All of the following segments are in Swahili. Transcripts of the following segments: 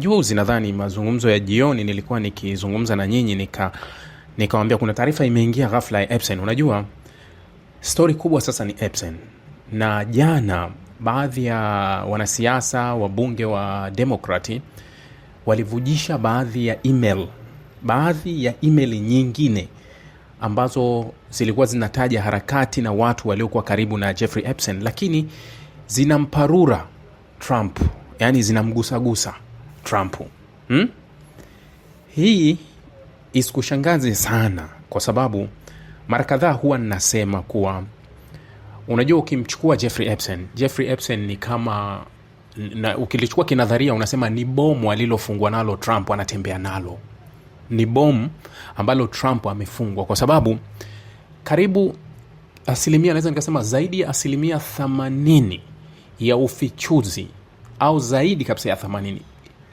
juzi nadhani mazungumzo ya jioni nilikuwa nikizungumza na nyinyi nika nikawambia kuna taarifa imeingia ghafla ya Epstein. Unajua stori kubwa sasa ni Epstein, na jana baadhi ya wanasiasa wabunge wa Demokrati walivujisha baadhi ya email, baadhi ya email nyingine ambazo zilikuwa zinataja harakati na watu waliokuwa karibu na Jeffrey Epstein, lakini zinamparura Trump, yani zinamgusagusa Trump hmm? Hii isikushangaze sana kwa sababu mara kadhaa huwa ninasema kuwa unajua, ukimchukua Jeffrey Epstein, Jeffrey Epstein ni kama na, ukilichukua kinadharia unasema ni bomu alilofungwa nalo Trump, anatembea nalo ni bomu ambalo Trump amefungwa, kwa sababu karibu asilimia, naweza nikasema zaidi ya asilimia 80 ya ufichuzi au zaidi kabisa ya 80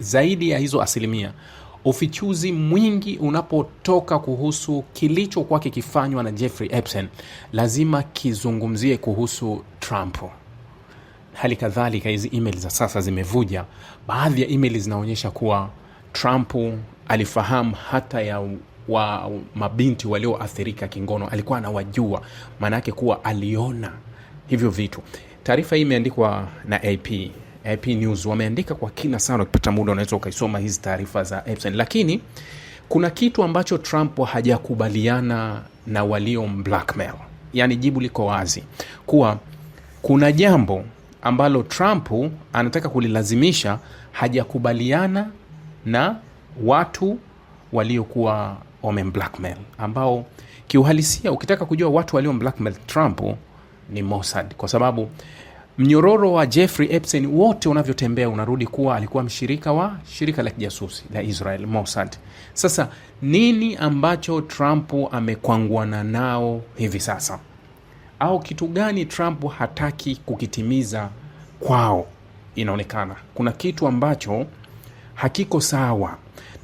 zaidi ya hizo asilimia, ufichuzi mwingi unapotoka kuhusu kilichokuwa kikifanywa na Jeffrey Epstein lazima kizungumzie kuhusu Trump. Hali kadhalika hizi email za sasa zimevuja, baadhi ya email zinaonyesha kuwa Trump alifahamu hata ya wa mabinti walioathirika kingono, alikuwa anawajua, maana kuwa aliona hivyo vitu. Taarifa hii imeandikwa na AP. AP News wameandika kwa kina sana, ukipata muda unaweza ukaisoma hizi taarifa za Epstein. Lakini kuna kitu ambacho Trump hajakubaliana na walio blackmail, yaani jibu liko wazi kuwa kuna jambo ambalo Trump anataka kulilazimisha, hajakubaliana na watu waliokuwa blackmail, ambao kiuhalisia ukitaka kujua watu walio blackmail Trump ni Mossad, kwa sababu mnyororo wa Jeffrey Epstein wote unavyotembea unarudi kuwa alikuwa mshirika wa shirika la kijasusi la Israel Mossad. Sasa nini ambacho Trump amekwanguana nao hivi sasa, au kitu gani Trump hataki kukitimiza kwao? Inaonekana kuna kitu ambacho hakiko sawa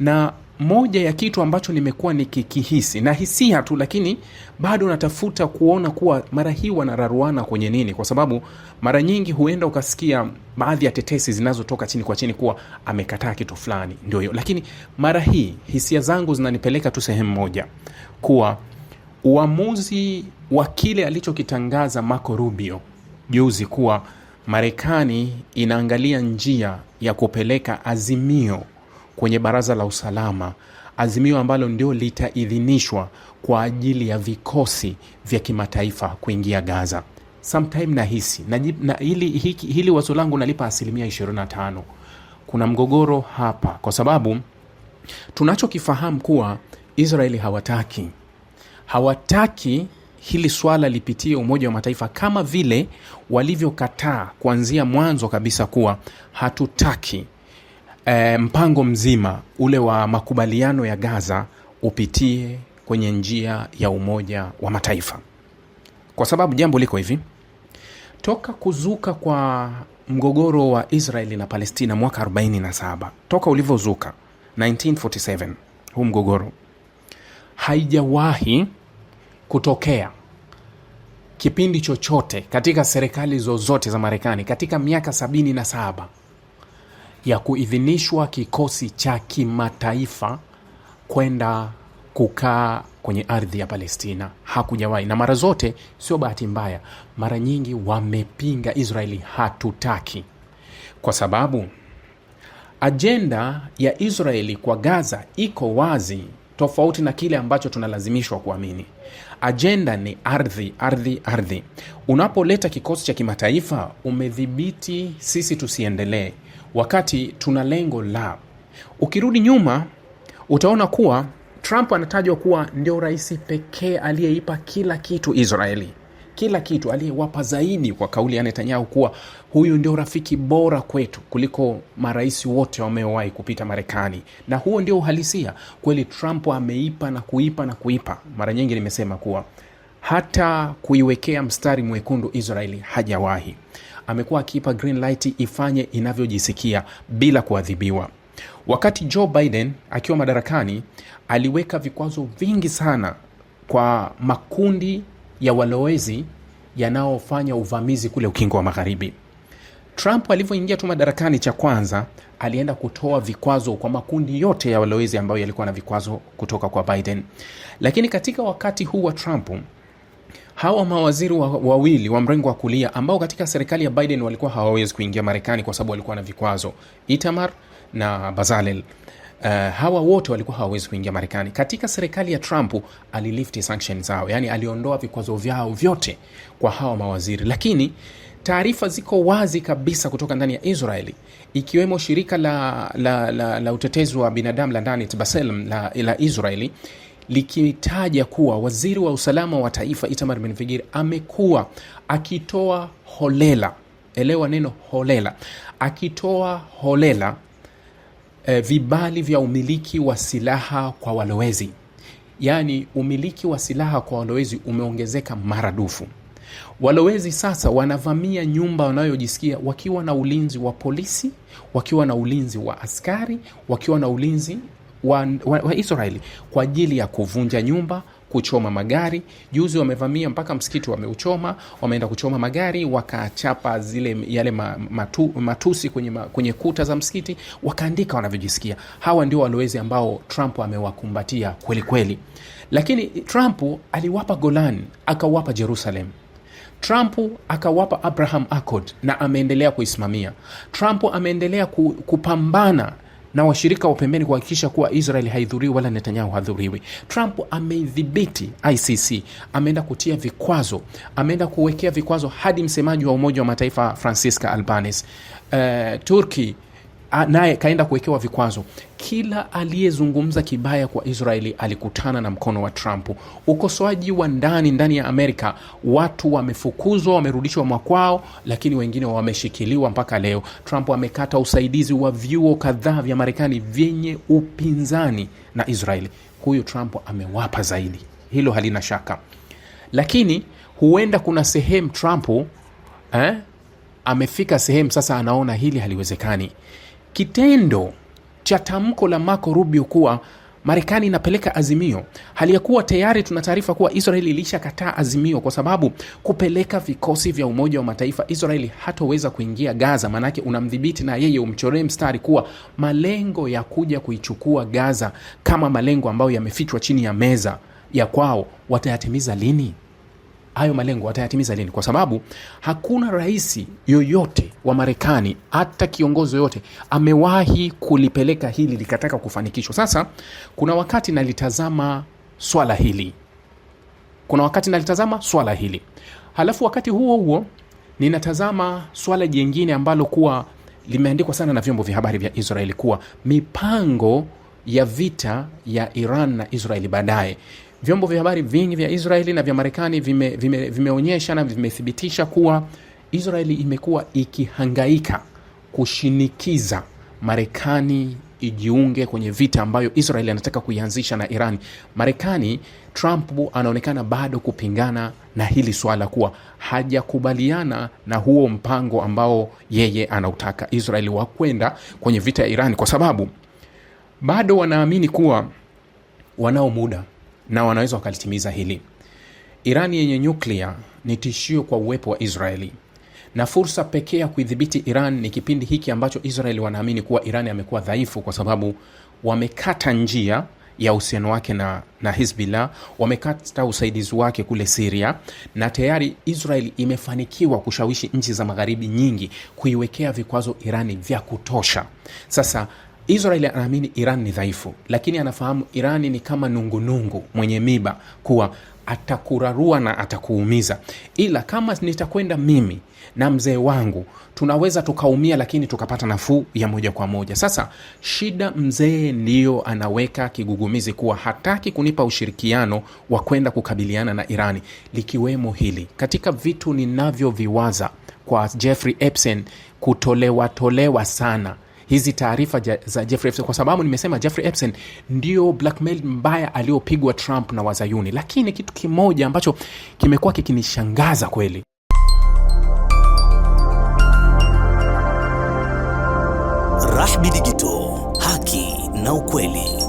na moja ya kitu ambacho nimekuwa nikikihisi na hisia tu, lakini bado natafuta kuona kuwa mara hii wanararuana kwenye nini, kwa sababu mara nyingi huenda ukasikia baadhi ya tetesi zinazotoka chini kwa chini kuwa amekataa kitu fulani, ndio hiyo. Lakini mara hii hisia zangu zinanipeleka tu sehemu moja, kuwa uamuzi wa kile alichokitangaza mako Rubio juzi kuwa Marekani inaangalia njia ya kupeleka azimio kwenye baraza la usalama, azimio ambalo ndio litaidhinishwa kwa ajili ya vikosi vya kimataifa kuingia Gaza. Sometime nahisi na, na hili, hili, hili wazo langu nalipa asilimia 25. Kuna mgogoro hapa kwa sababu tunachokifahamu kuwa Israeli hawataki hawataki hili swala lipitie Umoja wa Mataifa kama vile walivyokataa kuanzia mwanzo kabisa kuwa hatutaki e, mpango mzima ule wa makubaliano ya Gaza upitie kwenye njia ya Umoja wa Mataifa, kwa sababu jambo liko hivi: toka kuzuka kwa mgogoro wa Israeli na Palestina mwaka 47 toka ulivyozuka 1947 huu mgogoro, haijawahi kutokea kipindi chochote katika serikali zozote za Marekani katika miaka sabini na saba ya kuidhinishwa kikosi cha kimataifa kwenda kukaa kwenye ardhi ya Palestina hakujawahi, na mara zote sio bahati mbaya, mara nyingi wamepinga Israeli, hatutaki, kwa sababu ajenda ya Israeli kwa Gaza iko wazi, tofauti na kile ambacho tunalazimishwa kuamini. Ajenda ni ardhi, ardhi, ardhi. Unapoleta kikosi cha kimataifa, umedhibiti sisi tusiendelee wakati tuna lengo la. Ukirudi nyuma, utaona kuwa Trump anatajwa kuwa ndio rais pekee aliyeipa kila kitu Israeli, kila kitu aliyewapa zaidi, kwa kauli ya Netanyahu kuwa huyu ndio rafiki bora kwetu kuliko marais wote wameowahi kupita Marekani. Na huo ndio uhalisia kweli. Trump ameipa na kuipa na kuipa. Mara nyingi nimesema kuwa hata kuiwekea mstari mwekundu Israeli hajawahi. Amekuwa akiipa green light ifanye inavyojisikia bila kuadhibiwa. Wakati Joe Biden akiwa madarakani, aliweka vikwazo vingi sana kwa makundi ya walowezi yanayofanya uvamizi kule ukingo wa magharibi. Trump alivyoingia tu madarakani, cha kwanza alienda kutoa vikwazo kwa makundi yote ya walowezi ambayo yalikuwa na vikwazo kutoka kwa Biden. Lakini katika wakati huu wa Trump hawa mawaziri wa, wawili wa mrengo wa kulia ambao katika serikali ya Biden walikuwa hawawezi kuingia Marekani kwa sababu walikuwa na vikwazo, Itamar na Bazalel. Uh, eh, hawa wote walikuwa hawawezi kuingia Marekani. Katika serikali ya Trump alilifti sanctions zao, yani aliondoa vikwazo vyao vyote kwa hawa mawaziri, lakini taarifa ziko wazi kabisa kutoka ndani ya Israeli ikiwemo shirika la, la, la, la utetezi wa binadamu la ndani tbaselm la, la Israeli likitaja kuwa waziri wa usalama wa taifa Itamar Benvigir amekuwa akitoa holela, elewa neno holela, akitoa holela e, vibali vya umiliki wa silaha kwa walowezi. Yaani umiliki wa silaha kwa walowezi umeongezeka maradufu. Walowezi sasa wanavamia nyumba wanayojisikia wakiwa na ulinzi wa polisi, wakiwa na ulinzi wa askari, wakiwa na ulinzi wa, wa, wa Israeli kwa ajili ya kuvunja nyumba kuchoma magari. Juzi wamevamia mpaka msikiti wameuchoma, wameenda kuchoma magari, wakachapa zile yale matu, matusi kwenye, kwenye kuta za msikiti, wakaandika wanavyojisikia. Hawa ndio walowezi ambao Trump amewakumbatia kweli kweli, lakini Trump aliwapa Golan akawapa Jerusalem. Trump akawapa Abraham Accord na ameendelea kuisimamia. Trump ameendelea kupambana na washirika wa pembeni kuhakikisha kuwa Israel haidhuriwi wala Netanyahu hadhuriwi. Trump ameidhibiti ICC, ameenda kutia vikwazo, ameenda kuwekea vikwazo hadi msemaji wa Umoja wa Mataifa Francisca Albanese. Uh, Turki naye kaenda kuwekewa vikwazo. Kila aliyezungumza kibaya kwa Israeli alikutana na mkono wa Trump. Ukosoaji wa ndani ndani ya Amerika, watu wamefukuzwa, wamerudishwa mwakwao, lakini wengine wameshikiliwa mpaka leo. Trump amekata usaidizi wa vyuo kadhaa vya Marekani vyenye upinzani na Israeli. Huyu Trump amewapa zaidi, hilo halina shaka, lakini huenda kuna sehemu Trump eh, amefika sehemu sasa anaona hili haliwezekani. Kitendo cha tamko la Marco Rubio kuwa Marekani inapeleka azimio hali ya kuwa tayari tuna taarifa kuwa Israel ilishakataa azimio, kwa sababu kupeleka vikosi vya Umoja wa Mataifa, israeli hatoweza kuingia Gaza, maanake unamdhibiti na yeye umchoree mstari kuwa malengo ya kuja kuichukua Gaza kama malengo ambayo yamefichwa chini ya meza ya kwao watayatimiza lini? hayo malengo atayatimiza lini? Kwa sababu hakuna rais yoyote wa Marekani, hata kiongozi yoyote amewahi kulipeleka hili likataka kufanikishwa. Sasa kuna wakati nalitazama swala hili, kuna wakati nalitazama swala hili, halafu wakati huo huo ninatazama swala jingine ambalo kuwa limeandikwa sana na vyombo vya habari vya Israeli kuwa mipango ya vita ya Iran na Israeli baadaye vyombo vya habari vingi vya Israeli na vya Marekani vime, vime, vimeonyesha na vimethibitisha kuwa Israeli imekuwa ikihangaika kushinikiza Marekani ijiunge kwenye vita ambayo Israel anataka kuianzisha na Iran. Marekani, Trump anaonekana bado kupingana na hili swala, kuwa hajakubaliana na huo mpango ambao yeye anautaka Israel wa kwenda kwenye vita ya Iran, kwa sababu bado wanaamini kuwa wanao muda na wanaweza wakalitimiza hili. Irani yenye nyuklia ni tishio kwa uwepo wa Israeli na fursa pekee ya kuidhibiti Iran ni kipindi hiki ambacho Israel wanaamini kuwa Iran amekuwa dhaifu, kwa sababu wamekata njia ya uhusiano wake na, na Hizbillah, wamekata usaidizi wake kule Siria, na tayari Israel imefanikiwa kushawishi nchi za magharibi nyingi kuiwekea vikwazo Irani vya kutosha. Sasa israel anaamini Iran ni dhaifu, lakini anafahamu Irani ni kama nungunungu mwenye miba, kuwa atakurarua na atakuumiza. Ila kama nitakwenda mimi na mzee wangu, tunaweza tukaumia, lakini tukapata nafuu ya moja kwa moja. Sasa shida, mzee ndiyo anaweka kigugumizi kuwa hataki kunipa ushirikiano wa kwenda kukabiliana na Irani, likiwemo hili katika vitu ninavyoviwaza kwa Jeffrey epsen kutolewa tolewa sana hizi taarifa za Jeffrey Epstein, kwa sababu nimesema Jeffrey Epstein ndio blackmail mbaya aliyopigwa Trump na Wazayuni. Lakini kitu kimoja ambacho kimekuwa kikinishangaza kweli Rahby Digital, haki na ukweli.